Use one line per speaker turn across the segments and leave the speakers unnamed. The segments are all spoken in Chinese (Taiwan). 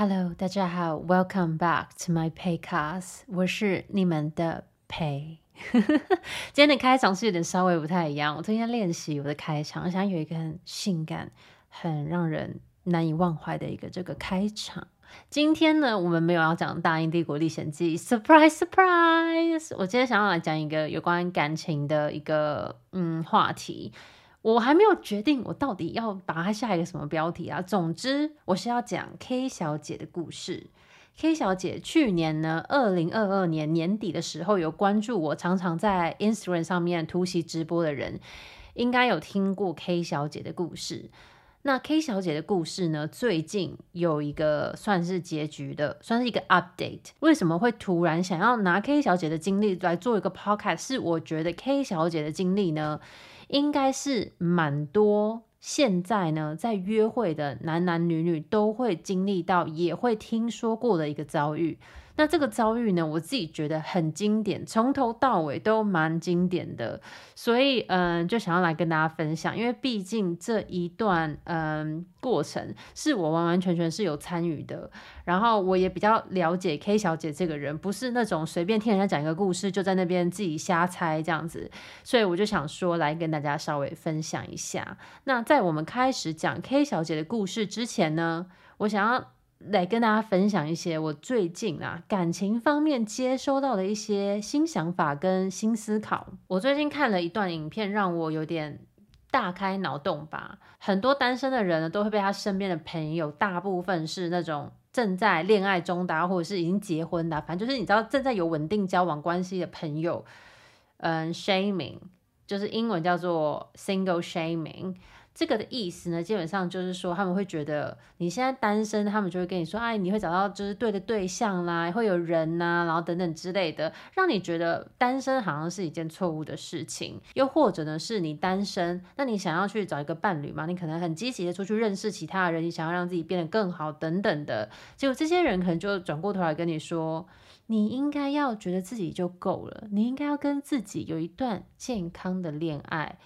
Hello，大家好，Welcome back to my paycast。我是你們的 Pay。 今天的開場是有點稍微不太一樣。我昨天練習我的開場，我想有一個很性感、很讓人難以忘懷的一個這個開場。今天呢，我們沒有要講《大英帝國歷險記》，Surprise，Surprise！Surprise! 我今天想要來講一個有關感情的一個嗯話題。我還沒有決定，我到底要把它下一個什麼標題啊？總之，我是要講 K 小姐的故事。K 小姐去年呢，二零二二年年底的時候有關注我，常常在 Instagram 上面突襲直播的人，應該有聽過 K 小姐的故事。那 K 小姐的故事呢，最近有一個算是結局的，算是一個 update。為什麼會突然想要拿 K 小姐的經歷來做一個 podcast？是我覺得 K 小姐的經歷呢，應該是蠻多，現在呢，在約會的男男女女都會經歷到，也會聽說過的一個遭遇。那這個遭遇呢，我自己覺得很經典，從頭到尾都蠻經典的，所以嗯，就想要來跟大家分享，因為畢竟這一段嗯過程是我完完全全是有參與的，然後我也比較了解 K 小姐這個人，不是那種隨便聽人家講一個故事就在那邊自己瞎猜這樣子，所以我就想說來跟大家稍微分享一下。那在我們開始講 K 小姐的故事之前呢，我想要。來跟大家分享一些我最近啊感情方面接收到的一些新想法跟新思考。我最近看了一段影片，讓我有點大開腦洞吧。很多單身的人呢，都會被他身邊的朋友，大部分是那種正在戀愛中的啊，或者是已經結婚的啊，反正就是你知道正在有穩定交往關係的朋友，嗯，shaming，就是英文叫做 single shaming。這個的意思呢，基本上就是說，他們會覺得你現在單身，他們就會跟你說：“哎，你會找到就是對的對象啦，會有人吶、啊，然後等等之類的，讓你覺得單身好像是一件錯誤的事情。”又或者呢，是你單身，那你想要去找一個伴侶嘛？你可能很積極的出去認識其他人，你想要讓自己變得更好等等的。結果這些人可能就轉過頭來跟你說：“你應該要覺得自己就夠了，你應該要跟自己有一段健康的戀愛。”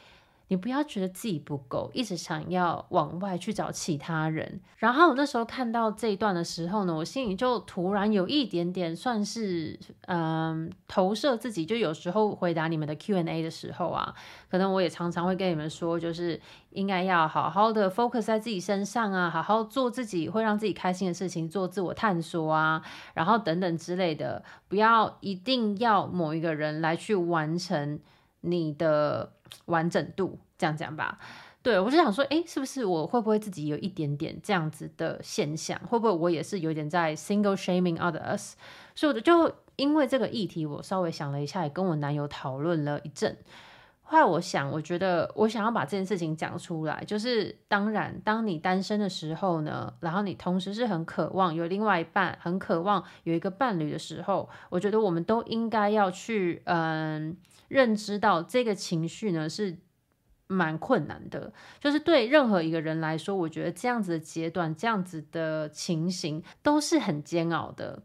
你不要覺得自己不夠，一直想要往外去找其他人。然後我那時候看到這一段的時候呢，我心裡就突然有一點點算是嗯投射自己。就有時候回答你們的 Q&A 的時候啊，可能我也常常會跟你們說，就是應該要好好的 focus 在自己身上啊，好好做自己會讓自己開心的事情，做自我探索啊，然後等等之類的。不要一定要某一個人來去完成。你的完整度，這樣講吧。對，我就想說，誒，是不是我會不會自己有一點點這樣子的現象？會不會我也是有點在 single shaming others？所以我就因為這個議題，我稍微想了一下，也跟我男友討論了一陣。後來我想，我覺得我想要把這件事情講出來，就是當然，當你單身的時候呢，然後你同時是很渴望有另外一半，很渴望有一個伴侶的時候，我覺得我們都應該要去，嗯。認知到這個情緒呢，是蠻困難的，就是對任何一個人來說，我覺得這樣子的階段，這樣子的情形都是很煎熬的。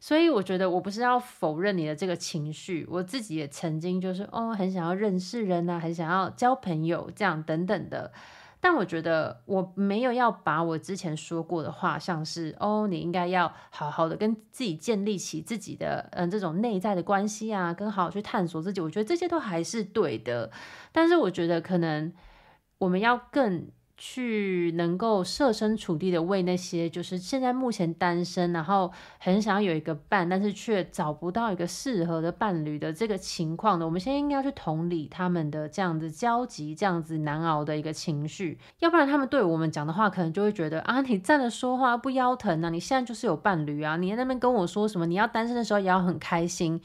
所以我覺得我不是要否認你的這個情緒，我自己也曾經就是哦，很想要認識人啊，很想要交朋友這樣等等的。但我覺得我沒有要把我之前說過的話，像是哦，你應該要好好的跟自己建立起自己的嗯、呃、這種內在的關係啊，跟好好去探索自己，我覺得這些都還是對的。但是我覺得可能我們要更。去能夠設身處地的為那些就是現在目前單身，然後很想要有一個伴，但是卻找不到一個適合的伴侶的這個情況的，我們先應該要去同理他們的這樣子焦急、這樣子難熬的一個情緒，要不然他們對我們講的話，可能就會覺得啊，你站着說話不腰疼啊，你現在就是有伴侶啊，你在那邊跟我說什麼，你要單身的時候也要很開心。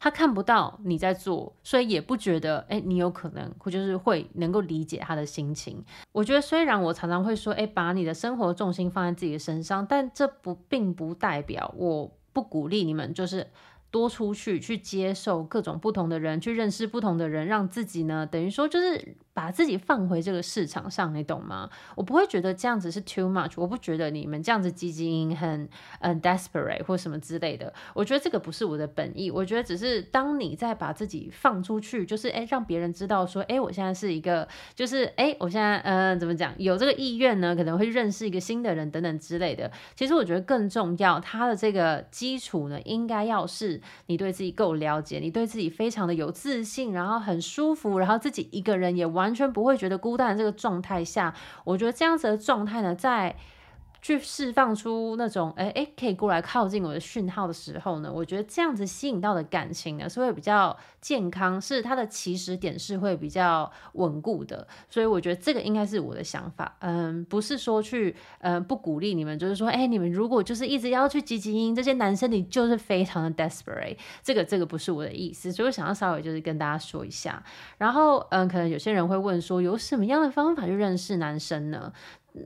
他看不到你在做，所以也不覺得欸，你有可能或就是會能夠理解他的心情。我覺得雖然我常常會說欸，把你的生活重心放在自己的身上，但這不並不代表我不鼓勵你們，就是多出去去接受各種不同的人，去認識不同的人，讓自己呢等於說就是。把自己放回這個市場上，你懂嗎？我不會覺得這樣子是 too much，我不覺得你們這樣子積極很嗯 desperate 或什麼之類的。我覺得這個不是我的本意。我覺得只是當你在把自己放出去，就是哎讓別人知道說，哎我現在是一個，就是哎我現在嗯、呃、怎麼講有這個意願呢？可能會認識一個新的人等等之類的。其實我覺得更重要，他的這個基礎呢，應該要是你對自己夠了解，你對自己非常的有自信，然後很舒服，然後自己一個人也完。完全不會覺得孤單的這個狀態下，我覺得這樣子的狀態呢，在去釋放出那種哎、欸欸、可以過來靠近我的訊號的時候呢，我覺得這樣子吸引到的感情呢是會比較健康，是它的起始點是會比較穩固的，所以我覺得這個應該是我的想法，嗯，不是說去嗯不鼓勵你們，就是說哎、欸、你們如果就是一直要去積極因這些男生，你就是非常的 desperate，這個這個不是我的意思，所以我想要稍微就是跟大家說一下，然後嗯可能有些人會問說有什麼樣的方法去認識男生呢？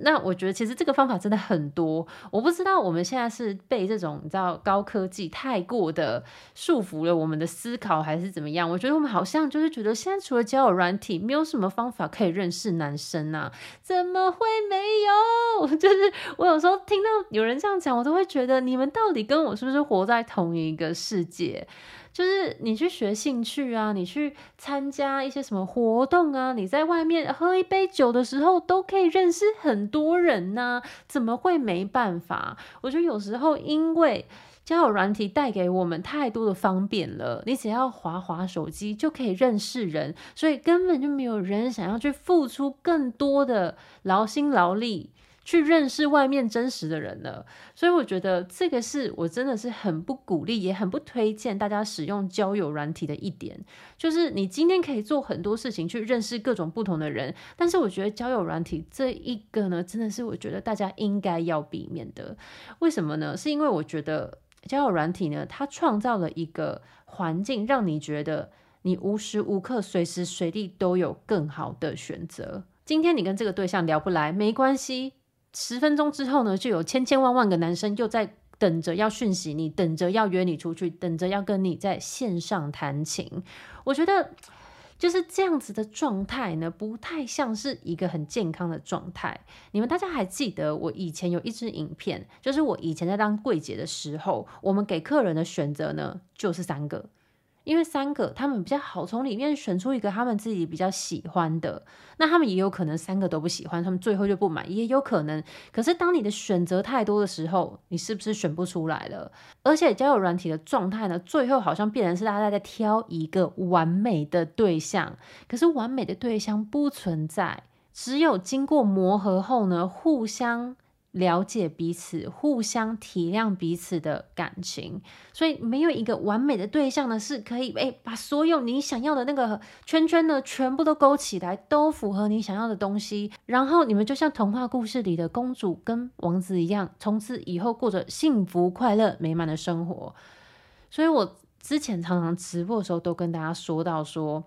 那我覺得其實這個方法真的很多，我不知道我們現在是被這種你知道高科技太過的束縛了我們的思考，還是怎麼樣？我覺得我們好像就是覺得現在除了交友軟體，沒有什麼方法可以認識男生吶、啊？怎麼會沒有？就是我有時候聽到有人這樣講，我都會覺得你們到底跟我是不是活在同一個世界？就是你去學興趣啊，你去參加一些什麼活動啊，你在外面喝一杯酒的時候，都可以認識很多人吶，怎麼會沒辦法？我覺得有時候因為交友軟體帶給我們太多的方便了，你只要滑滑手機就可以認識人，所以根本就沒有人想要去付出更多的勞心勞力。去認識外面真實的人了，所以我覺得這個是我真的是很不鼓勵，也很不推薦大家使用交友軟體的一點，就是你今天可以做很多事情去認識各種不同的人，但是我覺得交友軟體這一個呢，真的是我覺得大家應該要避免的。為什麼呢？是因為我覺得交友軟體呢，它創造了一個環境，讓你覺得你無時無刻、隨時隨地都有更好的選擇。今天你跟這個對象聊不來，沒關係。十分鐘之後呢，就有千千萬萬個男生又在等着要訊息你，等着要約你出去，等着要跟你在線上談情。我覺得就是這樣子的狀態呢，不太像是一個很健康的狀態。你們大家還記得我以前有一支影片，就是我以前在當櫃姐的時候，我們給客人的選擇呢，就是三個。因為三個，他們比較好從裡面選出一個他們自己比較喜歡的。那他們也有可能三個都不喜歡，他們最後就不買。也有可能，可是當你的選擇太多的時候，你是不是選不出來了？而且交友軟體的狀態呢，最後好像必然是大家在挑一個完美的對象。可是完美的對象不存在，只有經過磨合後呢，互相。了解彼此，互相體諒彼此的感情，所以沒有一個完美的對象呢，是可以，哎，把所有你想要的那個圈圈呢，全部都勾起來，都符合你想要的東西，然後你們就像童話故事裡的公主跟王子一樣，從此以後過着幸福、快樂、美滿的生活。所以，我之前常常直播的時候都跟大家說到說，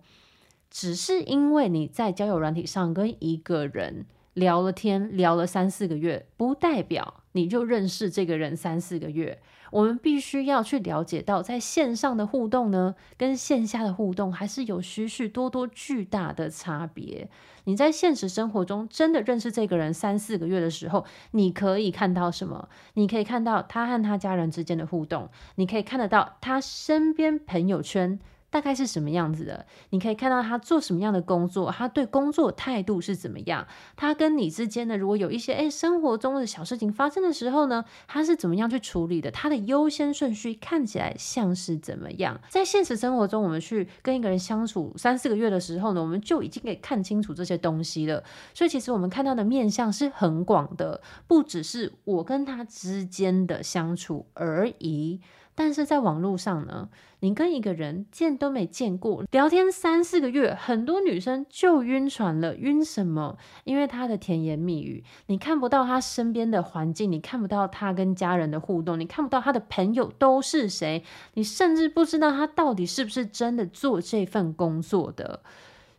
只是因為你在交友軟體上跟一個人，聊了天，聊了三四個月，不代表你就認識這個人三四個月。我們必須要去了解到，在線上的互動呢，跟線下的互動還是有許許多多巨大的差別。你在現實生活中真的認識這個人三四個月的時候，你可以看到什麼？你可以看到他和他家人之間的互動，你可以看得到他身邊朋友圈。大概是什麼樣子的？你可以看到他做什麼樣的工作，他對工作態度是怎麼樣？他跟你之間呢，如果有一些誒、哎、生活中的小事情發生的時候呢，他是怎麼樣去處理的？他的優先順序看起來像是怎麼樣？在現實生活中，我們去跟一個人相處三四個月的時候呢，我們就已經可以看清楚這些東西了。所以，其實我們看到的面向是很廣的，不只是我跟他之間的相處而已。但是在網絡上呢，你跟一個人見都沒見過，聊天三四個月，很多女生就暈船了。暈什麼？因為她的甜言蜜語，你看不到她身邊的環境，你看不到她跟家人的互動，你看不到她的朋友都是誰，你甚至不知道他到底是不是真的做這份工作的。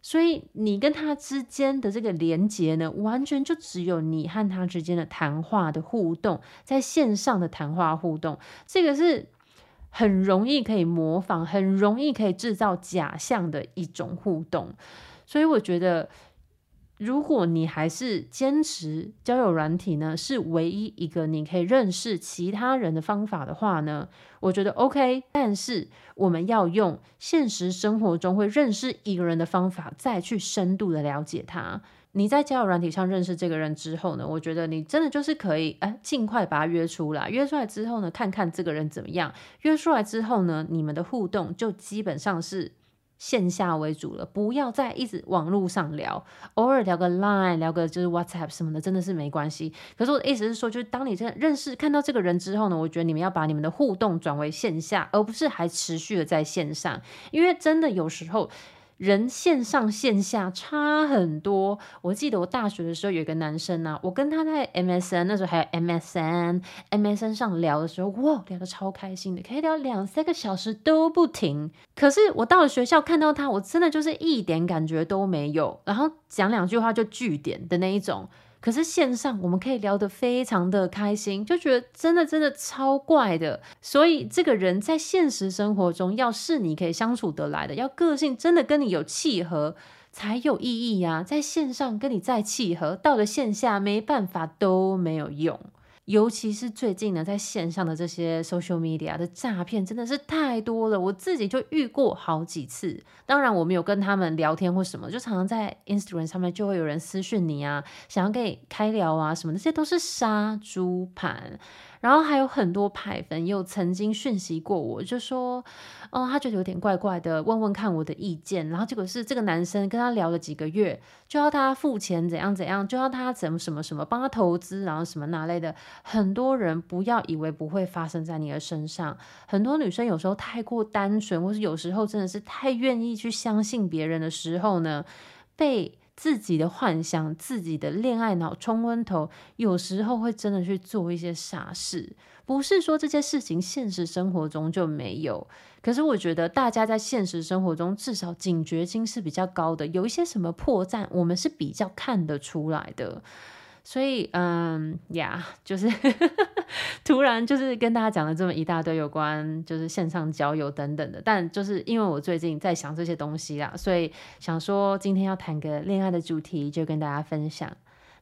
所以你跟他之間的這個連接呢，完全就只有你和他之間的談話的互動，在線上的談話互動，這個是。很容易可以模仿，很容易可以製造假象的一種互動，所以我覺得，如果你還是堅持交友軟體呢，是唯一一個你可以認識其他人的方法的話呢，我覺得 OK。但是我們要用現實生活中會認識一個人的方法，再去深度的了解他。你在交友軟體上認識這個人之後呢，我覺得你真的就是可以哎，儘快把他約出來。約出來之後呢，看看這個人怎麼樣。約出來之後呢，你們的互動就基本上是線下為主了，不要再一直網絡上聊，偶爾聊個 Line、聊個就是 WhatsApp 什麼的，真的是沒關係。可是我的意思是說，就是當你真的認識、看到這個人之後呢，我覺得你們要把你們的互動轉為線下，而不是還持續的在線上，因為真的有時候。人線上線下差很多。我記得我大學的時候有一個男生啊，我跟他在 MSN 那時候還有 MSN，MSN 上聊的時候，哇，聊的超開心的，可以聊兩三個小時都不停。可是我到了學校看到他，我真的就是一點感覺都沒有，然後講兩句話就句點的那一種。可是線上我們可以聊得非常的開心，就覺得真的真的超怪的。所以這個人在現實生活中，要是你可以相處得來的，要個性真的跟你有契合才有意義啊。在線上跟你再契合，到了線下沒辦法都沒有用。尤其是最近呢，在線上的這些 social media 的詐騙真的是太多了，我自己就遇過好幾次。當然，我沒有跟他們聊天或什麼，就常常在 Instagram 上面就會有人私訊你啊，想要跟你開聊啊，什麼的，這些都是殺豬盤。然後還有很多牌粉又曾經訊息過我，就說，哦，他覺得有點怪怪的，問問看我的意見。然後結果是這個男生跟他聊了幾個月，就要他付錢怎樣怎樣，就要他怎麼什麼什麼，幫他投資，然後什麼那類的。很多人不要以為不會發生在你的身上，很多女生有時候太過單純，或是有時候真的是太願意去相信別人的時候呢，被。自己的幻想，自己的戀愛腦沖昏頭，有時候會真的去做一些傻事。不是說這些事情現實生活中就沒有，可是我覺得大家在現實生活中至少警覺性是比較高的，有一些什麼破綻，我們是比較看得出來的。所以，嗯呀，就是呵呵突然就是跟大家講了這麼一大堆有關就是線上交友等等的，但就是因為我最近在想這些東西啦，所以想說今天要談個戀愛的主題，就跟大家分享。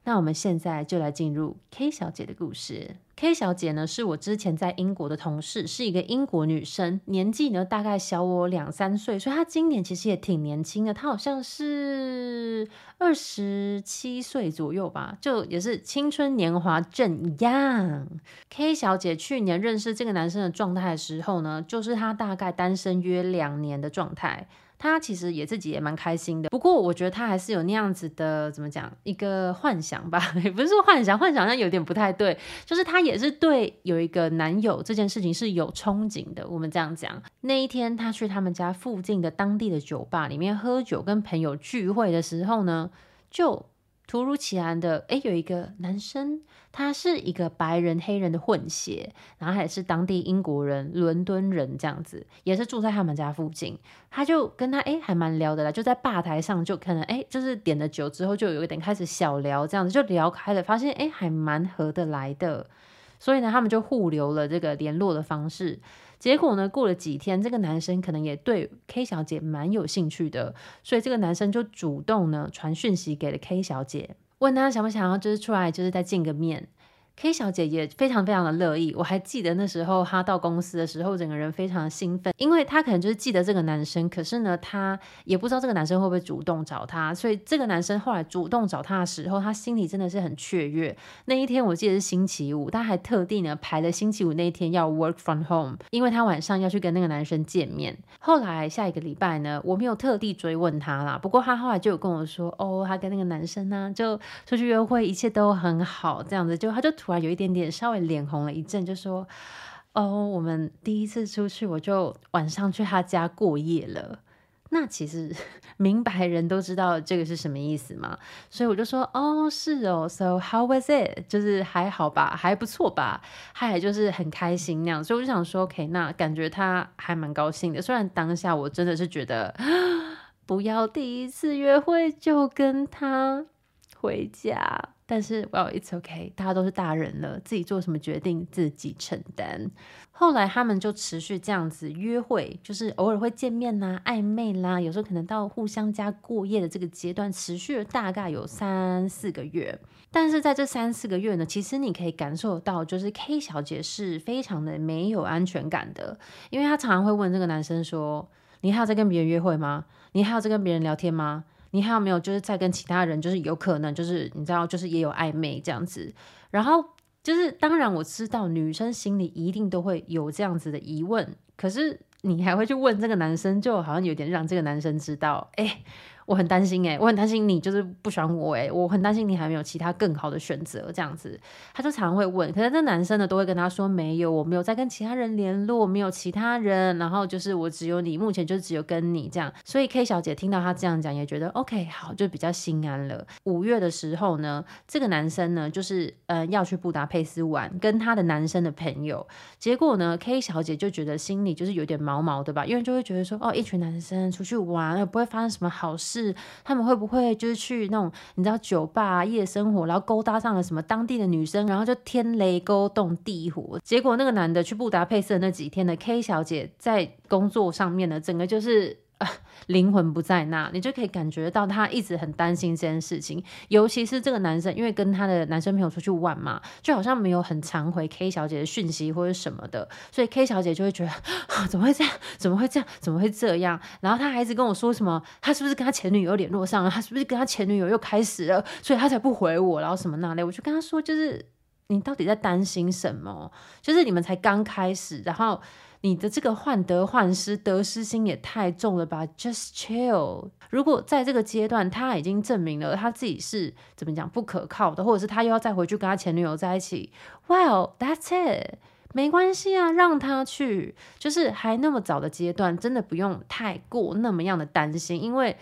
那我們現在就來進入 K 小姐的故事。K 小姐呢，是我之前在英國的同事，是一個英國女生，年紀呢大概小我兩三歲，所以她今年其實也挺年輕的，她好像是二十七歲左右吧，就也是青春年華正 young。K 小姐去年認識這個男生的狀態的時候呢，就是她大概單身約兩年的狀態。他其實也自己也蠻開心的，不過我覺得他還是有那樣子的，怎麼講，一個幻想吧，也不是幻想，幻想好像有點不太對，就是他也是對有一個男友這件事情是有憧憬的。我們這樣講，那一天他去他們家附近的當地的酒吧裡面喝酒，跟朋友聚會的時候呢，就。突如其然的，哎，有一個男生，他是一個白人黑人的混血，然後還是當地英國人、倫敦人這樣子，也是住在他們家附近。他就跟他，哎，還蠻聊得來。就在吧台上就可能，哎，就是點了酒之後，就有一點開始小聊這樣子，就聊開了，發現哎，還蠻合得來的，所以呢，他們就互留了這個聯絡的方式。結果呢，過了幾天，這個男生可能也對 K 小姐蠻有興趣的，所以這個男生就主動呢傳訊息給了 K 小姐，問她想不想要，就是出來，就是再見個面。K 小姐也非常非常的樂意，我還記得那時候她到公司的時候，整個人非常的興奮，因為她可能就是記得這個男生，可是呢，她也不知道這個男生會不會主動找她，所以這個男生後來主動找她的時候，她心裡真的是很雀躍。那一天我記得是星期五，她還特地呢排了星期五那一天要 work from home，因為她晚上要去跟那個男生見面。後來下一個禮拜呢，我沒有特地追問她啦，不過她後來就有跟我說，哦，她跟那個男生呢、啊、就出去約會，一切都很好，這樣子就她就。突然有一點點稍微臉紅了一陣，就說：“哦，我們第一次出去，我就晚上去他家過夜了。”那其實明白人都知道這個是什麼意思嘛。所以我就說：“哦，是哦，so how was it？就是還好吧，還不錯吧？他還就是很開心那樣，所以我就想說，OK，那感覺他還蠻高興的。雖然當下我真的是覺得，不要第一次約會就跟他回家。”但是，Well、wow, it's okay，大家都是大人了，自己做什麼決定自己承擔。後來他們就持續這樣子約會，就是偶爾會見面啦、曖昧啦，有時候可能到互相家過夜的這個階段，持續了大概有三四個月。但是在這三四個月呢，其實你可以感受到，就是 K 小姐是非常的沒有安全感的，因為她常常會問這個男生說：“你還有在跟別人約會嗎？你還有在跟別人聊天嗎？”你還有沒有？就是在跟其他人，就是有可能，就是你知道，就是也有曖昧這樣子。然後就是，當然我知道女生心裡一定都會有這樣子的疑問，可是你還會去問這個男生，就好像有點讓這個男生知道，哎、欸。我很擔心誒，我很擔心你就是不喜歡我誒，我很擔心你還沒有其他更好的選擇這樣子。他就常會問，可是那男生呢都會跟他說沒有，我沒有在跟其他人聯絡，我沒有其他人，然後就是我只有你，目前就只有跟你這樣。所以 K 小姐聽到他這樣講，也覺得 OK 好，就比較心安了。五月的時候呢，這個男生呢就是呃要去布達佩斯玩，跟他的男生的朋友。結果呢，K 小姐就覺得心裡就是有點毛毛的吧，因為就會覺得說哦，一群男生出去玩，也不會發生什麼好事。是他們會不會就是去那種你知道酒吧、啊、夜生活，然後勾搭上了什麼當地的女生，然後就天雷勾動地火，結果那個男的去布達佩斯的那幾天呢 K 小姐在工作上面呢，整個就是。啊，呃，靈魂不在那，你就可以感覺到他一直很擔心這件事情。尤其是這個男生，因為跟他的男生朋友出去玩嘛，就好像沒有很常回 K 小姐的訊息或者什麼的，所以 K 小姐就會覺得，怎麼會這樣？怎麼會這樣？怎麼會這樣？然後他還一直跟我說什麼，他是不是跟他前女友聯絡上了？他是不是跟他前女友又開始了？所以他才不回我，然後什麼那類？我就跟他說，就是你到底在擔心什麼？就是你們才剛開始，然後。你的這個患得患失，得失心也太重了吧？Just chill。如果在這個階段他已經證明了他自己是怎麼講不可靠的，或者是他又要再回去跟他前女友在一起，Well, that's it，沒關係啊，讓他去。就是還那麼早的階段，真的不用太過那麼樣的擔心，因為。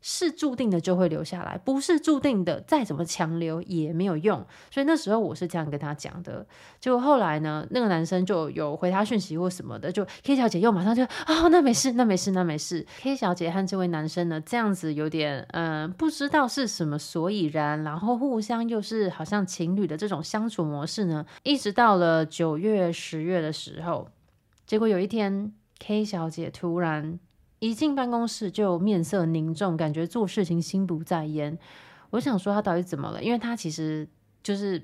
是注定的就會留下來，不是注定的再怎麼強留也沒有用。所以那時候我是這樣跟他講的。結果後來呢，那個男生就有回他訊息或什麼的。就 K 小姐又馬上就啊、哦，那沒事，那沒事，那沒事。K 小姐和這位男生呢，這樣子有點嗯、呃，不知道是什麼所以然，然後互相又是好像情侶的這種相處模式呢，一直到了九月、十月的時候，結果有一天 K 小姐突然。一進辦公室就面色凝重，感覺做事情心不在焉。我想說他到底怎麼了？因為他其實就是，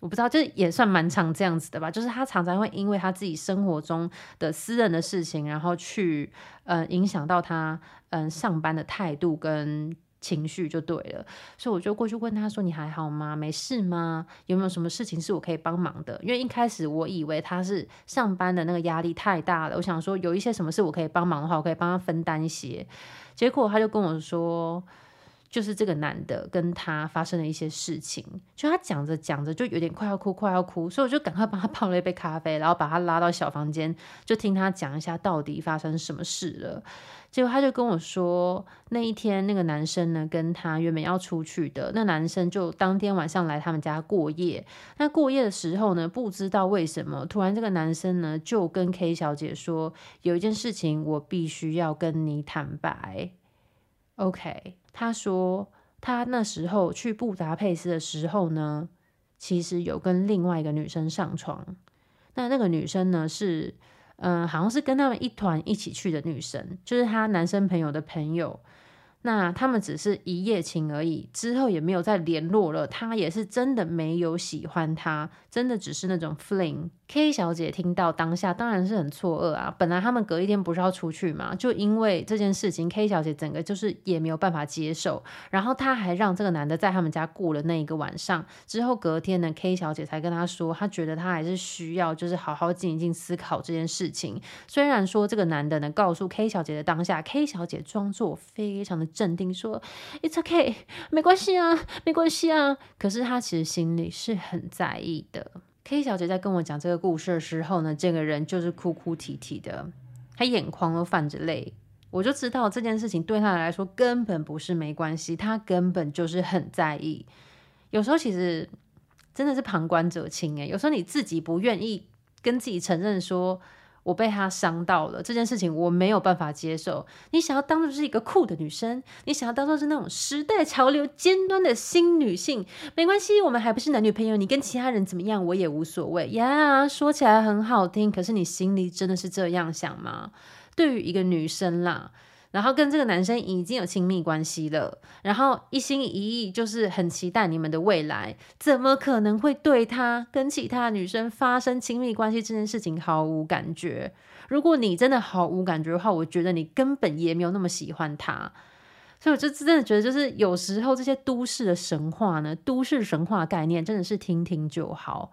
我不知道，這、就是、也算蠻常這樣子的吧。就是他常常會因為他自己生活中的私人的事情，然後去呃、嗯、影響到他嗯上班的態度跟。情緒就對了，所以我就過去問他說：“你還好嗎？沒事嗎？有沒有什麼事情是我可以幫忙的？”因為一開始我以為他是上班的那個壓力太大了，我想說有一些什麼事我可以幫忙的話，我可以幫他分擔一些。結果他就跟我說。就是這個男的跟他發生了一些事情，就他講着講着就有點快要哭，快要哭，所以我就趕快幫他泡了一杯咖啡，然後把他拉到小房間，就聽他講一下到底發生什麼事了。結果他就跟我說，那一天那個男生呢，跟他原本要出去的那男生，就當天晚上來他們家過夜。那過夜的時候呢，不知道為什麼突然這個男生呢就跟 K 小姐說，有一件事情我必須要跟你坦白。OK。他說，他那時候去布達佩斯的時候呢，其實有跟另外一個女生上床。那那個女生呢，是，嗯、呃，好像是跟他們一團一起去的女生，就是他男生朋友的朋友。那他們只是一夜情而已，之後也沒有再聯絡了。他也是真的沒有喜歡他，真的只是那種 fling。K 小姐聽到當下當然是很錯愕啊，本來他們隔一天不是要出去嘛，就因為這件事情，K 小姐整個就是也沒有辦法接受。然後她還讓這個男的在他們家過了那一個晚上，之後隔天呢，K 小姐才跟他說，她覺得她還是需要就是好好靜一靜思考這件事情。雖然說這個男的呢告訴 K 小姐的當下，K 小姐裝作非常的鎮定說：“It's okay，沒關係啊，沒關係啊。”可是他其實心裡是很在意的。K 小姐在跟我講這個故事的時候呢，這個人就是哭哭啼啼的，他眼眶都泛着淚。我就知道這件事情對他來說根本不是沒關係，他根本就是很在意。有時候其實真的是旁觀者清哎，有時候你自己不願意跟自己承認說。我被他傷到了，這件事情我沒有辦法接受。你想要當作是一個酷的女生，你想要當作是那種時代潮流尖端的新女性，沒關係，我們還不是男女朋友，你跟其他人怎麼樣，我也無所謂呀。Yeah, 說起來很好聽，可是你心裡真的是這樣想嗎？對於一個女生啦。然後跟這個男生已經有親密關係了，然後一心一意就是很期待你們的未來，怎麼可能會對他跟其他女生發生親密關係這件事情毫無感覺？如果你真的毫無感覺的話，我覺得你根本也沒有那麼喜歡他，所以我就真的覺得，就是有時候這些都市的神話呢，都市神話概念真的是聽聽就好。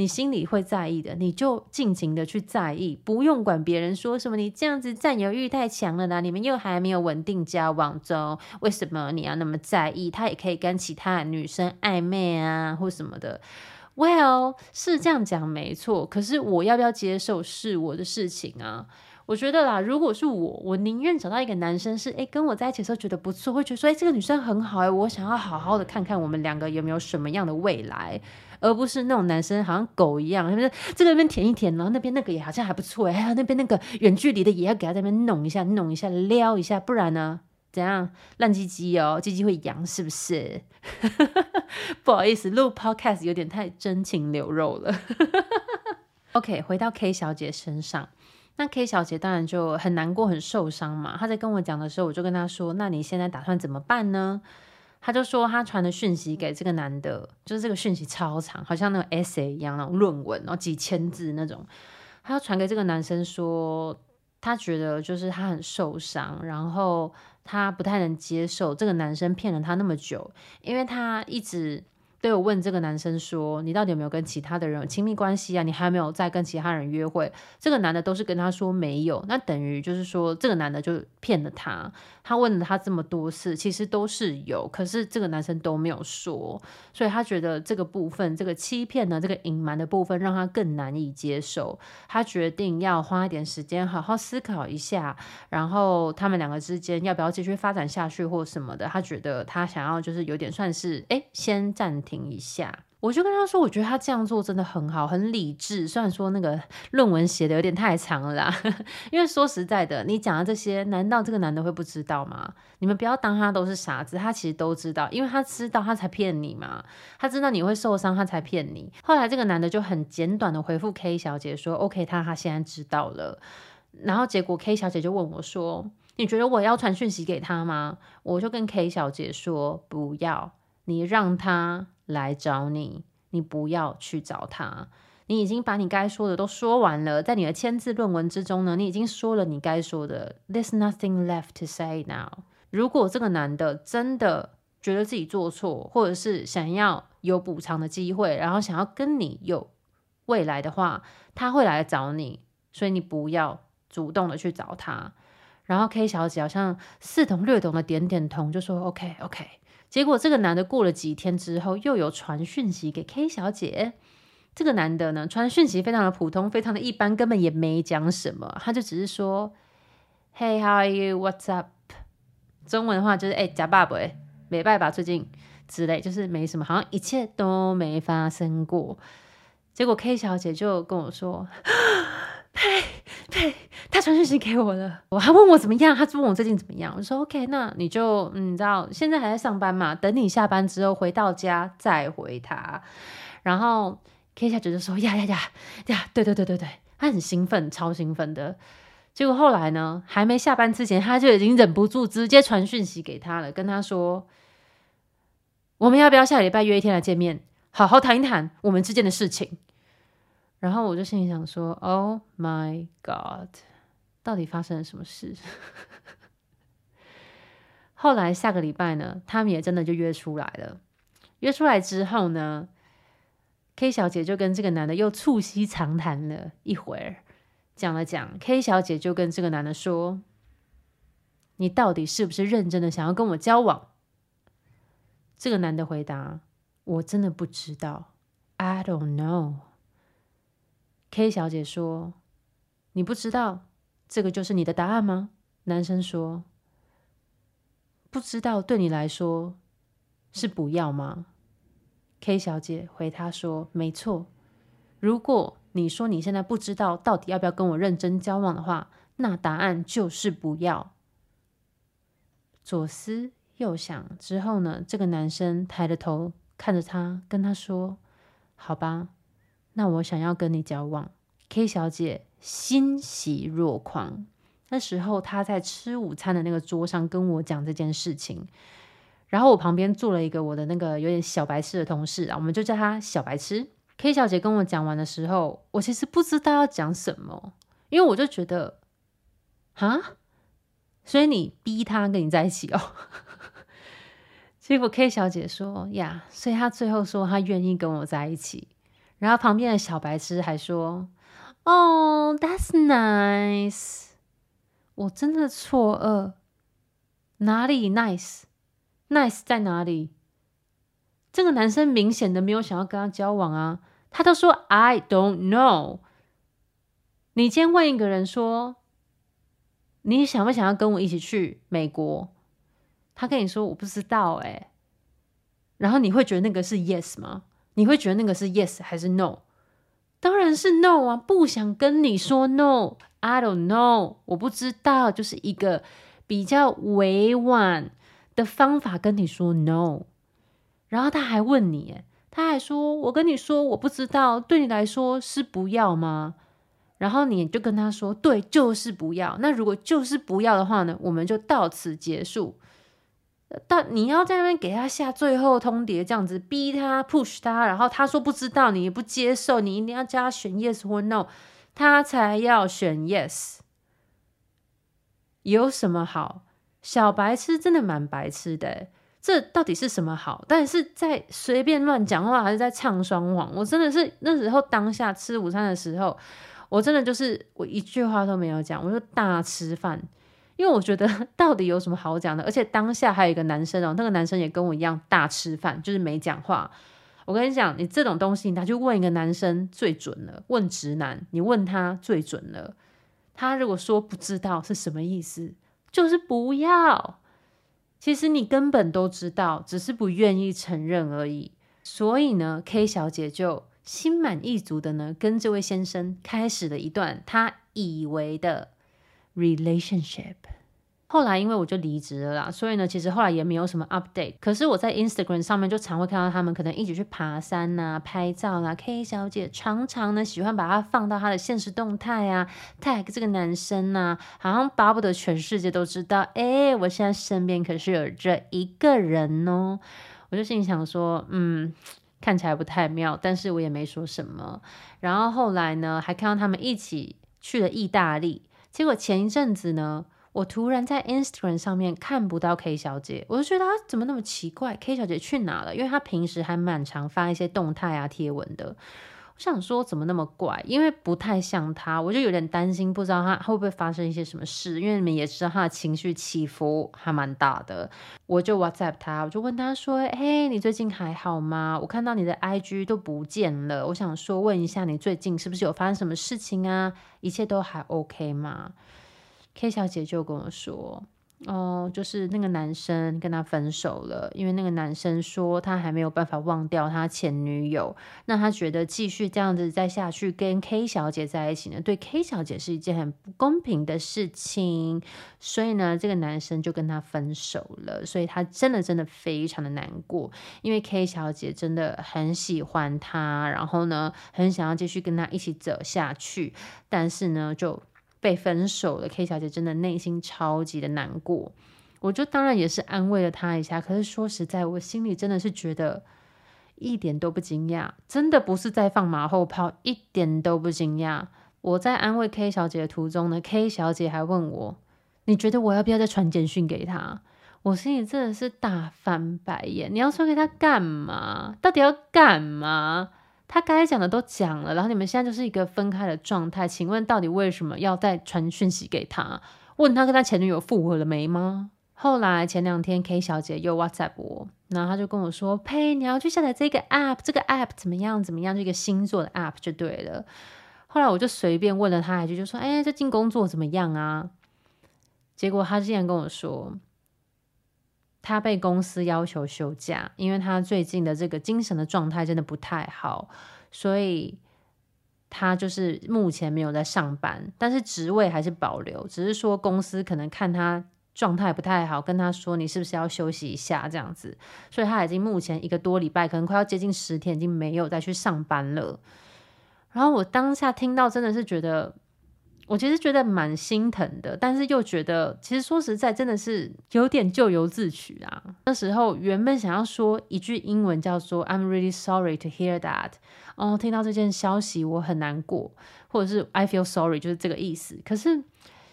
你心裡會在意的，你就盡情的去在意，不用管別人說什麼。你這樣子佔有欲太強了啦，你們又還沒有穩定交往中，為什麼你要那麼在意？他也可以跟其他女生曖昧啊，或什麼的。Well，是這樣講沒錯，可是我要不要接受是我的事情啊。我覺得啦，如果是我，我寧願找到一個男生是，哎，跟我在一起的時候覺得不錯，會覺得說，哎，這個女生很好，欸，哎，我想要好好的看看我們兩個有沒有什麼樣的未來，而不是那種男生好像狗一樣，這個那邊舔一舔，然後那邊那個也好像還不錯，欸，哎，還有那邊那個遠距離的也要給他在那邊弄一下，弄一下撩一下，不然呢，怎樣，爛唧唧哦，唧唧會癢是不是？ 不好意思，錄 podcast 有點太真情流露了。 OK，回到 K 小姐身上。那 K 小姐當然就很難過、很受傷嘛。她在跟我講的時候，我就跟她說：“那你現在打算怎麼辦呢？”她就說她傳的訊息給這個男的，就是這個訊息超長，好像那個 essay 一樣那種論文，然後幾千字那種。她要傳給這個男生說，她覺得就是她很受傷，然後她不太能接受這個男生騙了她那麼久，因為她一直都有問這個男生說：“你到底有沒有跟其他的人有親密關係啊？你還沒有再跟其他人約會？”這個男的都是跟他說沒有，那等於就是說這個男的就騙了他。他問了他這麼多次，其實都是有，可是這個男生都沒有說，所以他覺得這個部分，這個欺騙呢，這個隱瞞的部分，讓他更難以接受。他決定要花一點時間好好思考一下，然後他們兩個之間要不要繼續發展下去或什麼的。他覺得他想要就是有點算是，誒，先暫停一下。我就跟他說，我覺得他這樣做真的很好，很理智。雖然說那個論文寫的有點太長了啦， 因為說實在的，你講的這些，難道這個男的會不知道嗎？你們不要當他都是傻子，他其實都知道，因為他知道他才騙你嘛，他知道你會受傷，他才騙你。後來這個男的就很簡短的回復 K 小姐說：“OK，他他現在知道了。”然後結果 K 小姐就問我說：“你覺得我要傳訊息給他嗎？”我就跟 K 小姐說：“不要，你讓他。”來找你，你不要去找他。你已經把你該說的都說完了，在你的簽字論文之中呢，你已經說了你該說的，There's nothing left to say now。如果這個男的真的覺得自己做錯，或者是想要有補償的機會，然後想要跟你有未來的話，他會來找你，所以你不要主動的去找他。然後 K 小姐好像似懂略懂的點點頭，就說 OK OK。結果這個男的過了幾天之後，又有傳訊息給 K 小姐。這個男的呢，傳訊息非常的普通，非常的一般，根本也沒講什麼，他就只是說：“Hey, how are you? What's up?” 中文的話就是：“哎、欸，呷飽沒，哎，沒辦法，最近之類就是沒什麼，好像一切都沒發生過。”結果 K 小姐就跟我說。對，他傳訊息給我了，我還問我怎麼樣，他就問我最近怎麼樣，我說 OK，那你就你知道，現在還在上班嘛，等你下班之後回到家再回他。然後 K 下覺得說呀呀呀呀，對對對對對，他很興奮，超興奮的。結果後來呢，還沒下班之前，他就已經忍不住直接傳訊息給他了，跟他說，我們要不要下禮拜約一天來見面，好好談一談我們之間的事情。然後我就心裡想說：“Oh my god，到底發生了什麼事？” 後來下個禮拜呢，他們也真的就約出來了。約出來之後呢，K 小姐就跟這個男的又促膝長談了一會兒，講了講。K 小姐就跟這個男的說：“你到底是不是認真的想要跟我交往？”這個男的回答：“我真的不知道，I don't know。” K 小姐說：“你不知道這個就是你的答案嗎？”男生說：“不知道，對你來說是不要嗎？”K 小姐回他說：“沒錯，如果你說你現在不知道到底要不要跟我認真交往的話，那答案就是不要。”左思右想之後呢，這個男生抬着頭看着他，跟他說：“好吧。”那我想要跟你交往，K 小姐欣喜若狂。那時候她在吃午餐的那個桌上跟我講這件事情，然後我旁邊坐了一個我的那個有點小白痴的同事啊，我們就叫他小白痴。K 小姐跟我講完的時候，我其實不知道要講什麼，因為我就覺得，哈，所以你逼他跟你在一起哦。結 果 K 小姐說呀，所以她最後說她願意跟我在一起。然後旁邊的小白痴還說哦、oh, that's nice。”我真的錯愕，哪裡 nice？nice nice 在哪裡？這個男生明顯的沒有想要跟他交往啊，他都說 “I don't know。”你今天問一個人說：“你想不想要跟我一起去美國？”他跟你說：“我不知道。”哎，然後你會覺得那個是 yes 嗎？你會覺得那個是 yes 還是 no？當然是 no 啊，不想跟你說 no。I don't know，我不知道，就是一個比較委婉的方法跟你說 no。然後他還問你，他還說，我跟你說我不知道，對你來說是不要嗎？然後你就跟他說，對，就是不要。那如果就是不要的話呢，我們就到此結束。但你要在那邊給他下最後通牒，這樣子逼他 push 他，然後他說不知道，你也不接受，你一定要叫他選 yes 或 no，他才要選 yes，有什麼好？小白痴真的蠻白痴的，這到底是什麼好？但是在隨便亂講話，還是在唱雙簧？我真的是那時候當下吃午餐的時候，我真的就是我一句話都沒有講，我就大吃飯。因為我覺得到底有什麼好講的，而且當下還有一個男生哦，那個男生也跟我一樣大吃飯，就是沒講話。我跟你講，你這種東西，你拿去問一個男生最準了，問直男，你問他最準了。他如果說不知道是什麼意思，就是不要。其實你根本都知道，只是不願意承認而已。所以呢，K 小姐就心滿意足的呢，跟這位先生開始了一段她以為的。relationship，後來因為我就離職了啦，所以呢，其實後來也沒有什麼 update。可是我在 Instagram 上面就常會看到他們可能一起去爬山啊、拍照啦、啊。K 小姐常常呢喜歡把它放到她的限時動態啊，tag 這個男生吶、啊，好像巴不得全世界都知道。誒，我現在身邊可是有這一個人哦。我就心裡想說，嗯，看起來不太妙，但是我也沒說什麼。然後後來呢，還看到他們一起去了意大利。結果前一陣子呢，我突然在 Instagram 上面看不到 K 小姐，我就覺得她怎麼那麼奇怪？K 小姐去哪了？因為她平時還蠻常發一些動態啊、貼文的。想說怎麼那麼怪，因為不太像他，我就有點擔心，不知道他會不會發生一些什麼事。因為你們也知道他的情緒起伏還蠻大的，我就 WhatsApp 他，我就問他說：“嘿，你最近還好嗎？我看到你的 IG 都不見了，我想說問一下你最近是不是有發生什麼事情啊？一切都還 OK 嗎？”K 小姐就跟我說。哦，就是那個男生跟他分手了，因為那個男生說他還沒有辦法忘掉他前女友，那他覺得繼續這樣子再下去跟 K 小姐在一起呢，對 K 小姐是一件很不公平的事情，所以呢，這個男生就跟他分手了，所以他真的真的非常的難過，因為 K 小姐真的很喜歡他，然後呢，很想要繼續跟他一起走下去，但是呢，就。被分手了，K 小姐真的內心超級的難過，我就當然也是安慰了她一下。可是說實在，我心裡真的是覺得一點都不驚訝，真的不是在放馬後炮，一點都不驚訝。我在安慰 K 小姐的途中呢，K 小姐還問我：“你覺得我要不要再傳簡訊給她？”我心裡真的是大翻白眼，你要傳給她幹嘛？到底要幹嘛？他該講的都講了，然後你們現在就是一個分開的狀態，請問到底為什麼要再傳訊息給他？問他跟他前女友復合了沒嗎？後來前兩天 K 小姐又 WhatsApp 我，然後他就跟我說：“呸，你要去下載這個 App，這個 App 怎麼樣？怎麼樣？就一個星座的 App 就對了。”後來我就隨便問了他一句，就說：“哎，最近工作怎麼樣啊？”結果他竟然跟我說。他被公司要求休假，因為他最近的這個精神的狀態真的不太好，所以他就是目前沒有在上班，但是職位還是保留，只是說公司可能看他狀態不太好，跟他說你是不是要休息一下這樣子，所以他已經目前一個多禮拜，可能快要接近十天，已經沒有再去上班了。然後我當下聽到真的是覺得。我其實覺得蠻心疼的，但是又覺得，其實說實在，真的是有點咎由自取啊。那時候原本想要說一句英文叫，叫做 "I'm really sorry to hear that"，哦，oh，聽到這件消息我很難過，或者是 "I feel sorry" 就是這個意思。可是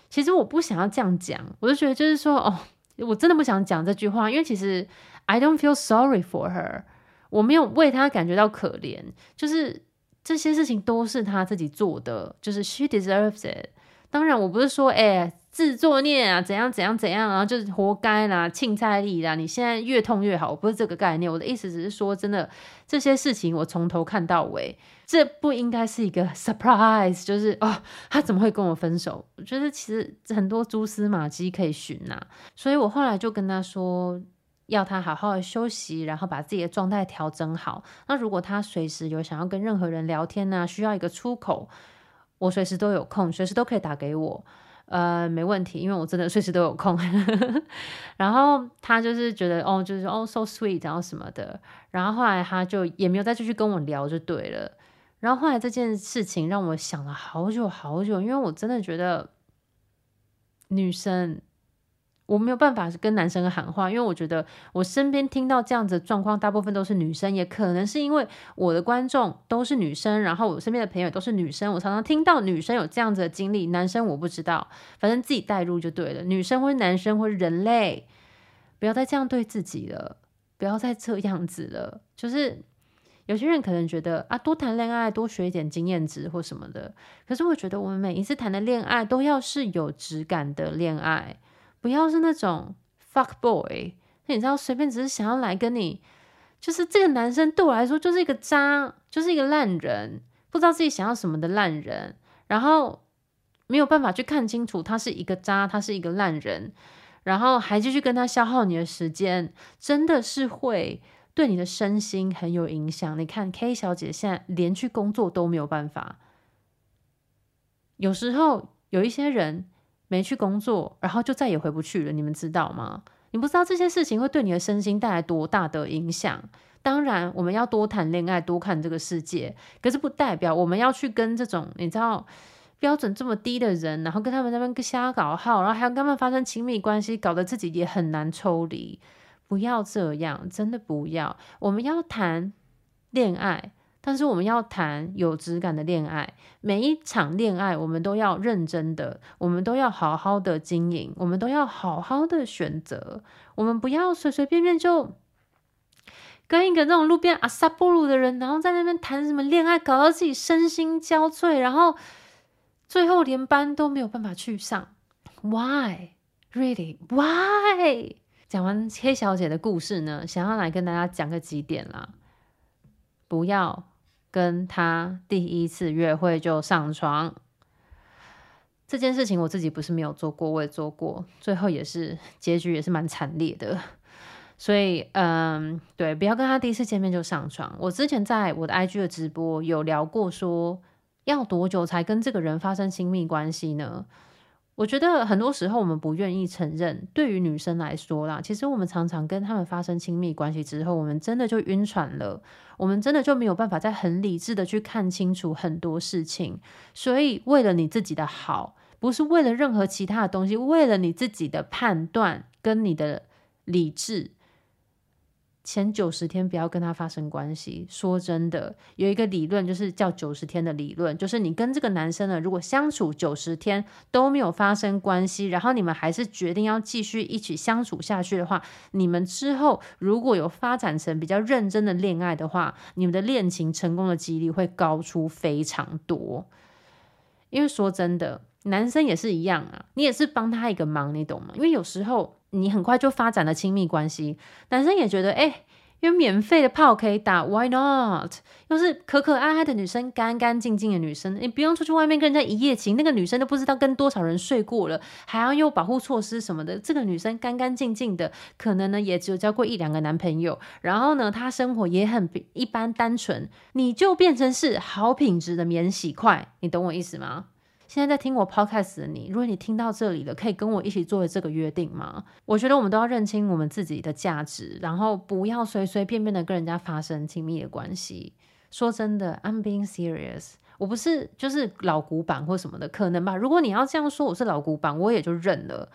其實我不想要這樣講，我就覺得就是說，哦，我真的不想講這句話，因為其實 "I don't feel sorry for her"，我沒有為她感覺到可憐，就是。這些事情都是他自己做的，就是 she deserves it。當然，我不是說哎、欸、自作孽啊，怎樣怎樣怎樣啊，就是活該啦、欠菜力啦。你現在越痛越好，我不是這個概念。我的意思只是說，真的這些事情我從頭看到尾，這不應該是一個 surprise，就是哦他怎麼會跟我分手？我覺得其實很多蛛絲馬跡可以尋啊。所以我後來就跟他說。要他好好的休息，然後把自己的狀態調整好。那如果他隨時有想要跟任何人聊天呢、啊，需要一個出口，我隨時都有空，隨時都可以打給我，呃，沒問題，因為我真的隨時都有空。 然後他就是覺得，哦，就是哦，so sweet，然後什麼的。然後後來他就也沒有再繼續跟我聊，就對了。然後後來這件事情讓我想了好久好久，因為我真的覺得女生。我沒有辦法跟男生喊話，因為我覺得我身邊聽到這樣子的狀況，大部分都是女生。也可能是因為我的觀眾都是女生，然後我身邊的朋友都是女生，我常常聽到女生有這樣子的經歷，男生我不知道。反正自己帶入就對了。女生或是男生或是人類，不要再這樣對自己了，不要再這樣子了。就是有些人可能覺得啊，多談戀愛，多學一點經驗值或什麼的。可是我覺得，我們每一次談的戀愛都要是有質感的戀愛。不要是那種 fuck boy，你知道，隨便只是想要來跟你，就是這個男生對我來說就是一個渣，就是一個爛人，不知道自己想要什麼的爛人，然後沒有辦法去看清楚他是一個渣，他是一個爛人，然後還繼續跟他消耗你的時間，真的是會對你的身心很有影響。你看 K 小姐現在連去工作都沒有辦法，有時候有一些人。沒去工作，然後就再也回不去了。你們知道嗎？你不知道這些事情會對你的身心帶來多大的影響。當然，我們要多談戀愛，多看這個世界，可是不代表我們要去跟這種你知道標準這麼低的人，然後跟他們那邊瞎搞，好，然後還要跟他們發生親密關係，搞得自己也很難抽離。不要這樣，真的不要。我們要談戀愛。但是我們要談有質感的戀愛，每一場戀愛我們都要認真的，我們都要好好的經營，我們都要好好的選擇，我們不要隨隨便便，便就跟一個那種路邊阿薩布魯的人，然後在那邊談什麼戀愛，搞到自己身心交瘁，然後最後連班都沒有辦法去上。Why? Really? Why？講完 K 小姐的故事呢，想要來跟大家講個幾點啦，不要，跟他第一次約會就上床這件事情，我自己不是沒有做過，我也做過，最後也是結局也是蠻慘烈的，所以嗯，對，不要跟他第一次見面就上床。我之前在我的 IG 的直播有聊過說，說要多久才跟這個人發生親密關係呢？我覺得很多時候我們不願意承認，對於女生來說啦，其實我們常常跟他們發生親密關係之後，我們真的就暈船了，我們真的就沒有辦法再很理智的去看清楚很多事情。所以為了你自己的好，不是為了任何其他的東西，為了你自己的判斷跟你的理智。前九十天不要跟他發生關係。說真的，有一個理論就是叫九十天的理論，就是你跟這個男生呢，如果相處九十天都沒有發生關係，然後你們還是決定要繼續一起相處下去的話，你們之後如果有發展成比較認真的戀愛的話，你們的戀情成功的幾率會高出非常多。因為說真的，男生也是一樣啊，你也是幫他一個忙，你懂嗎？因為有時候，你很快就發展了親密關係，男生也覺得哎，有、欸、免費的炮可以打，Why not？又是可可愛、啊、愛、啊、的女生，乾乾淨淨的女生，你不用出去外面跟人家一夜情，那個女生都不知道跟多少人睡過了，還要有保護措施什麼的，這個女生乾乾淨淨的，可能呢也只有交過一兩個男朋友，然後呢，她生活也很一般單純，你就變成是好品質的免洗筷，你懂我意思嗎？現在在聽我 podcast 的你，如果你聽到這裡了，可以跟我一起做這個約定嗎？我覺得我們都要認清我們自己的價值，然後不要隨隨便便的跟人家發生親密的關係。說真的，I'm being serious，我不是就是老古板或什麼的，可能吧。如果你要這樣說，我是老古板，我也就認了。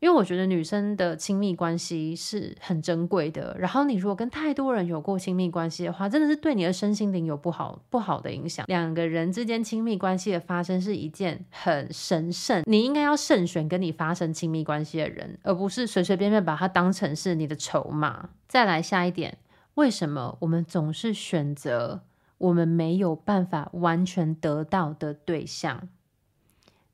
因為我覺得女生的親密關係是很珍貴的，然後你如果跟太多人有過親密關係的話，真的是對你的身心靈有不好不好的影響。兩個人之間親密關係的發生是一件很神聖，你應該要慎選跟你發生親密關係的人，而不是隨隨便便把它當成是你的籌碼。再來下一點，為什麼我們總是選擇我們沒有辦法完全得到的對象？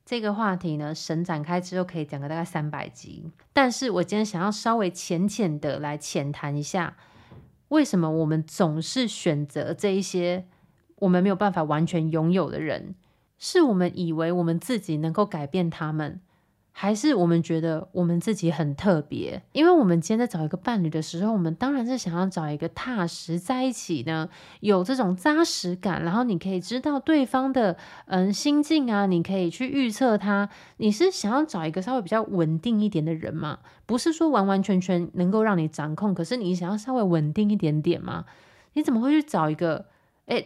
這個話題呢，神展開之後可以講個大概三百集，但是我今天想要稍微淺淺的來淺談一下，為什麼我們總是選擇這一些我們沒有辦法完全擁有的人，是我們以為我們自己能夠改變他們？還是我們覺得我們自己很特別，因為我們今天在找一個伴侶的時候，我們當然是想要找一個踏實在一起呢，有這種扎實感，然後你可以知道對方的嗯心境啊，你可以去預測他，你是想要找一個稍微比較穩定一點的人嗎？不是說完完全全能夠讓你掌控，可是你想要稍微穩定一點點嗎？你怎麼會去找一個哎？誒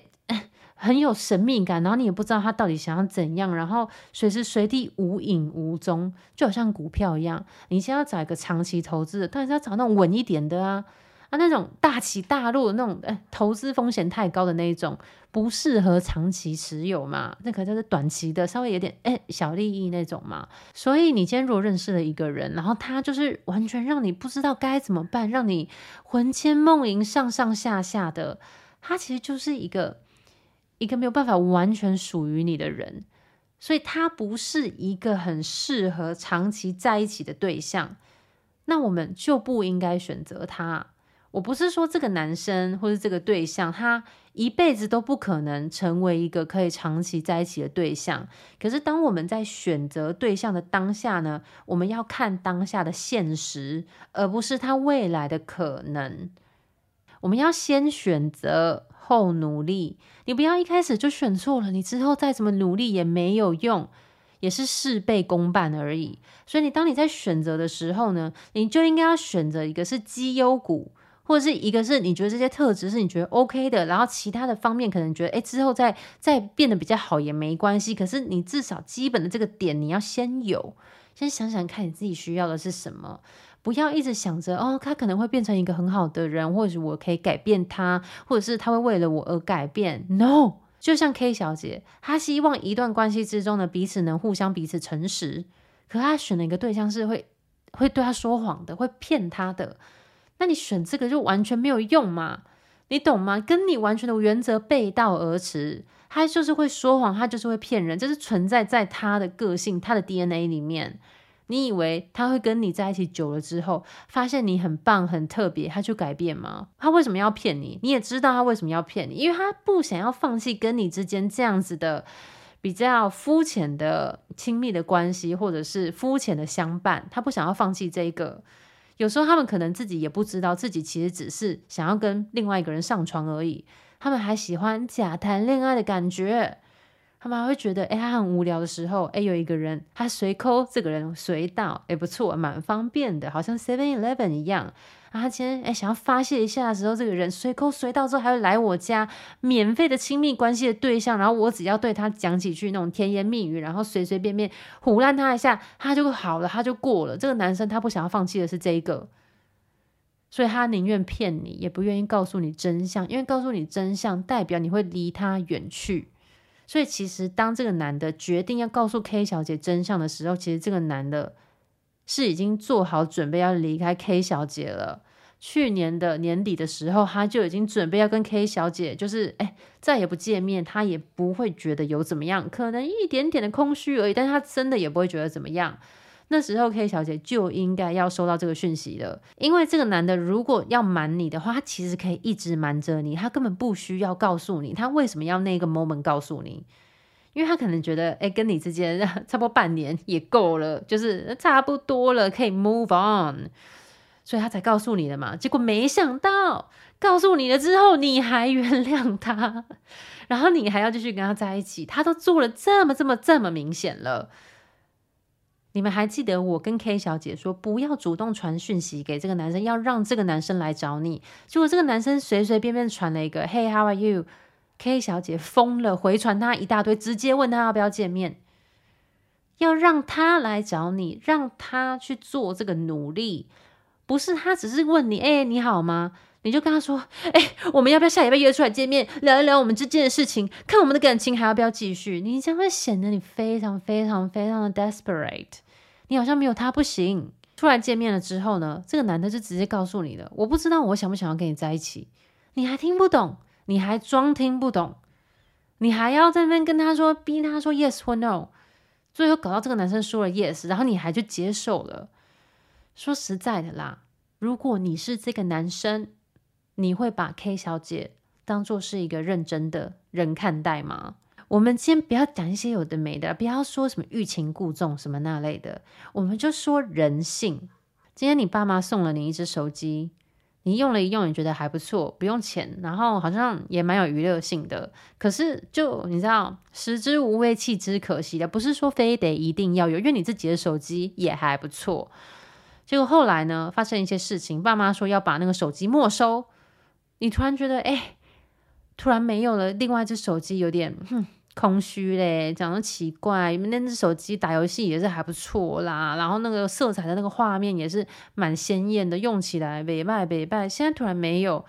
很有神秘感，然後你也不知道他到底想要怎樣，然後隨時隨地無影無蹤，就好像股票一樣。你先要找一個長期投資的，當然是要找那種穩一點的啊啊，那種大起大落那種，哎，投資風險太高的那一種，不適合長期持有嘛。那可就是短期的，稍微有點哎小利益那種嘛。所以你今天如果認識了一個人，然後他就是完全讓你不知道該怎麼辦，讓你魂牽夢縈上上下下的，他其實就是一個。一個沒有辦法完全屬於你的人，所以他不是一個很適合長期在一起的對象。那我們就不應該選擇他。我不是說這個男生或是這個對象，他一輩子都不可能成為一個可以長期在一起的對象。可是當我們在選擇對象的當下呢，我們要看當下的現實，而不是他未來的可能。我們要先選擇。後努力，你不要一開始就選錯了，你之後再怎麼努力也沒有用，也是事倍功半而已。所以你當你在選擇的時候呢，你就應該要選擇一個是績優股，或者是一個是你覺得這些特質是你覺得 OK 的，然後其他的方面可能覺得哎、欸，之後再再變得比較好也沒關係。可是你至少基本的這個點你要先有，先想想看你自己需要的是什麼。不要一直想着哦，他可能會變成一個很好的人，或者是我可以改變他，或者是他會為了我而改變。No，就像 K 小姐，她希望一段關係之中的彼此能互相彼此誠實，可她選了一個對象是會會對她說謊的，會騙她的。那你選這個就完全沒有用嘛？你懂嗎？跟你完全的原則背道而馳。她就是會說謊，她就是會騙人，這是存在在她的個性、她的 DNA 裡面。你以為他會跟你在一起久了之後，發現你很棒、很特別，他去改變嗎？他為什麼要騙你？你也知道他為什麼要騙你，因為他不想要放棄跟你之間這樣子的比較膚淺的親密的關係，或者是膚淺的相伴。他不想要放棄這個。有時候他們可能自己也不知道，自己其實只是想要跟另外一個人上床而已。他們還喜歡假談戀愛的感覺。他們還會覺得，哎，他很無聊的時候，哎，有一個人他隨扣，這個人隨到，哎，不錯，蠻方便的，好像 Seven Eleven 一樣。啊，他今天哎想要發洩一下的時候，這個人隨扣隨到之後，還會來我家，免費的親密關係的對象。然後我只要對他講幾句那種甜言蜜語，然後隨隨便便唬爛他一下，他就好了，他就過了。這個男生他不想要放棄的是這一個，所以他寧願騙你，也不願意告訴你真相，因為告訴你真相代表你會離他遠去。所以，其實當這個男的決定要告訴 K 小姐真相的時候，其實這個男的是已經做好準備要離開 K 小姐了。去年的年底的時候，他就已經準備要跟 K 小姐，就是誒，再也不見面，他也不會覺得有怎麼樣，可能一點點的空虛而已，但是他真的也不會覺得怎麼樣。那時候 K 小姐就應該要收到這個訊息了，因為這個男的如果要瞞你的話，他其實可以一直瞞着你，他根本不需要告訴你，他為什麼要那個 moment 告訴你，因為他可能覺得，哎，跟你之間差不多半年也夠了，就是差不多了，可以 move on，所以他才告訴你的嘛。結果沒想到，告訴你了之後，你還原諒他，然後你還要繼續跟他在一起，他都做了這麼這麼這麼明顯了。你們還記得我跟 K 小姐說，不要主動傳訊息給這個男生，要讓這個男生來找你。結果這個男生隨隨便便傳了一個 “Hey，how are you？”K 小姐瘋了，回傳他一大堆，直接問他要不要見面，要讓他來找你，讓他去做這個努力，不是他只是問你，哎，你好嗎？你就跟他說：“哎、欸，我們要不要下禮拜約出來見面，聊一聊我們之間的事情，看我們的感情還要不要繼續？”你這樣會顯得你非常非常非常的 desperate，你好像沒有他不行。突然見面了之後呢，這個男的就直接告訴你了，“我不知道我想不想要跟你在一起。”你還聽不懂，你還裝聽不懂，你還要在那邊跟他說，逼他說 yes 或 no，最後搞到這個男生說了 yes，然後你還就接受了。說實在的啦，如果你是這個男生，你會把 K 小姐當做是一個認真的人看待嗎？我們先不要講一些有的沒的，不要說什麼欲擒故縱什麼那類的，我們就說人性。今天你爸媽送了你一只手機，你用了一用你覺得還不錯，不用錢，然後好像也蠻有娛樂性的。可是就你知道，食之無味，棄之可惜的，不是說非得一定要有，因為你自己的手機也還不錯。結果後來呢，發生一些事情，爸媽說要把那個手機沒收。你突然覺得，哎、欸，突然沒有了，另外一隻手機有點，哼，空虛嘞，講得奇怪，那隻手機打遊戲也是還不錯啦，然後那個色彩的那個畫面也是蠻鮮豔的，用起來，美敗美敗。現在突然沒有，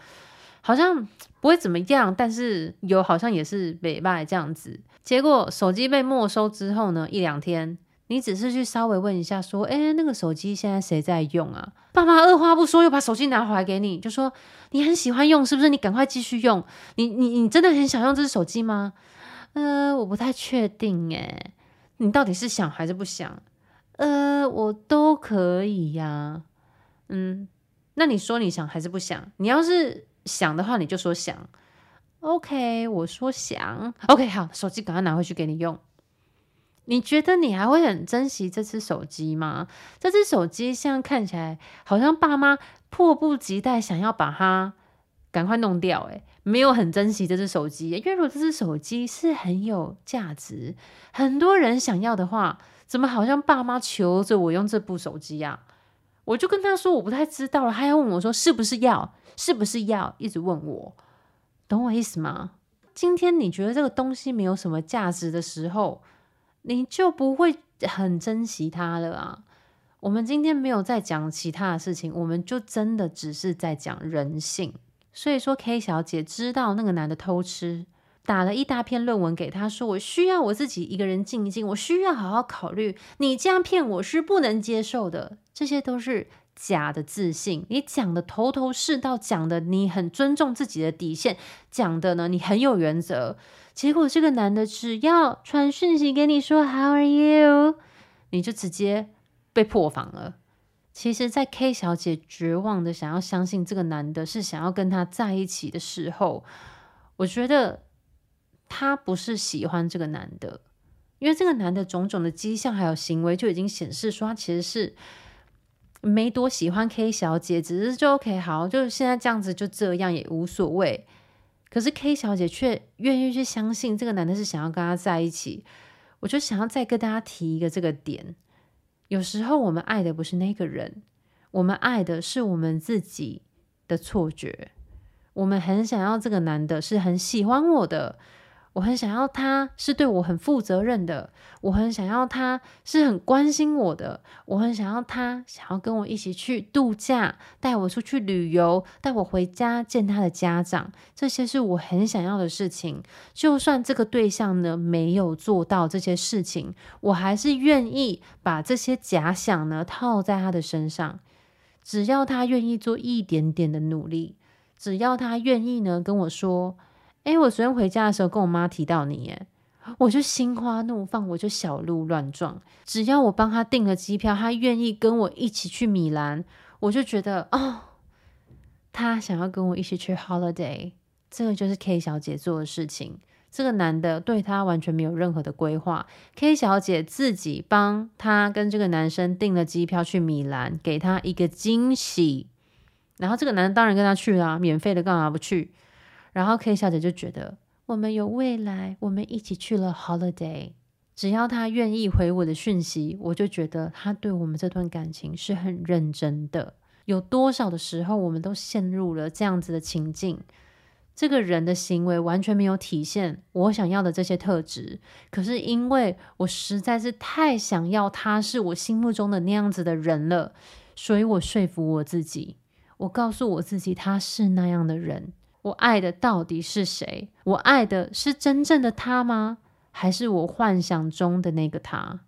好像不會怎麼樣，但是有好像也是美敗這樣子，結果手機被沒收之後呢，一兩天。你只是去稍微問一下，說，誒、欸、那個手機現在誰在用啊？爸媽二話不說又把手機拿回來給你，就說你很喜歡用，是不是？你趕快繼續用。你你你真的很想用這支手機嗎？呃，我不太確定，誒，你到底是想還是不想？呃，我都可以呀、啊。嗯，那你說你想還是不想？你要是想的話，你就說想。OK，我說想。OK，好，手機趕快拿回去給你用。你覺得你還會很珍惜這只手機嗎？這只手機現在看起來好像爸媽迫不及待想要把它趕快弄掉，哎，沒有很珍惜這只手機耶。因為如果這只手機是很有價值，很多人想要的話，怎麼好像爸媽求着我用這部手機啊？我就跟他說我不太知道了，他要問我說是不是要，是不是要，一直問我，懂我意思嗎？今天你覺得這個東西沒有什麼價值的時候。你就不會很珍惜他了啊！我們今天沒有在講其他的事情，我們就真的只是在講人性。所以說，K 小姐知道那個男的偷吃，打了一大篇論文給他，說：“我需要我自己一個人靜一靜，我需要好好考慮。你這樣騙我是不能接受的，這些都是假的自信。你講的頭頭是道，講的你很尊重自己的底線，講的呢，你很有原則。”結果這個男的只要傳訊息給你說 “How are you”，你就直接被破防了。其實，在 K 小姐絕望的想要相信這個男的是想要跟她在一起的時候，我覺得他不是喜歡這個男的，因為這個男的種種的跡象還有行為就已經顯示說他其實是沒多喜歡 K 小姐，只是就 OK 好，就是現在這樣子就這樣也無所謂。可是 K 小姐卻願意去相信這個男的是想要跟她在一起，我就想要再跟大家提一個這個點，有時候我們愛的不是那個人，我們愛的是我們自己的錯覺。我們很想要這個男的是很喜歡我的。我很想要他是對我很負責任的，我很想要他是很關心我的，我很想要他想要跟我一起去度假，帶我出去旅遊，帶我回家見他的家長，這些是我很想要的事情。就算這個對象呢，沒有做到這些事情，我還是願意把這些假想呢，套在他的身上，只要他願意做一點點的努力，只要他願意呢，跟我說。誒，我昨天回家的時候跟我媽提到你耶，我就心花怒放，我就小鹿亂撞。只要我幫他訂了機票，他願意跟我一起去米蘭，我就覺得哦，他想要跟我一起去 holiday，這個就是 K 小姐做的事情。這個男的對她完全沒有任何的規劃，K 小姐自己幫她跟這個男生訂了機票去米蘭，給他一個驚喜。然後這個男的當然跟他去了，免費的幹嘛不去？然後 K 小姐就覺得我們有未來，我們一起去了 holiday。只要他願意回我的訊息，我就覺得他對我們這段感情是很認真的。有多少的時候，我們都陷入了這樣子的情境，這個人的行為完全沒有體現我想要的這些特質。可是因為我實在是太想要他是我心目中的那樣子的人了，所以我說服我自己，我告訴我自己他是那樣的人。我愛的到底是誰？我愛的是真正的他嗎？還是我幻想中的那個他？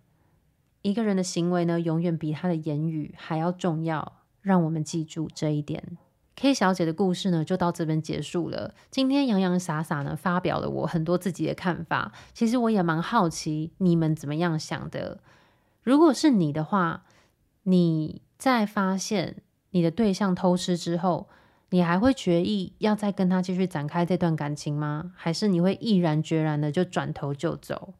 一個人的行為呢，永遠比他的言語還要重要。讓我們記住這一點。K 小姐的故事呢，就到這邊結束了。今天洋洋灑灑呢，發表了我很多自己的看法。其實我也蠻好奇你們怎麼樣想的。如果是你的話，你在發現你的對象偷吃之後。你還會決意要再跟他繼續展開這段感情嗎？還是你會毅然決然的就轉頭就走？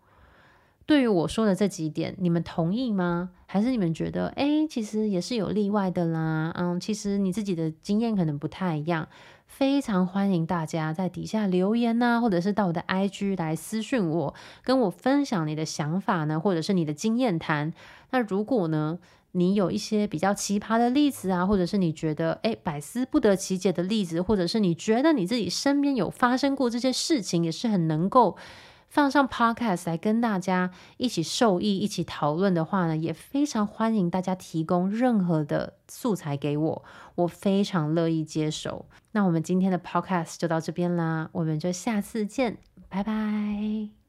對於我說的這幾點，你們同意嗎？還是你們覺得，哎，其實也是有例外的啦，嗯，其實你自己的經驗可能不太一樣。非常歡迎大家在底下留言啊，或者是到我的 IG 來私訊我，跟我分享你的想法呢，或者是你的經驗談。那如果呢？你有一些比較奇葩的例子啊，或者是你覺得哎百思不得其解的例子，或者是你覺得你自己身邊有發生過這些事情，也是很能夠放上 podcast 來跟大家一起受益、一起討論的話呢，也非常歡迎大家提供任何的素材給我，我非常樂意接受。那我們今天的 podcast 就到這邊啦，我們就下次見，拜拜。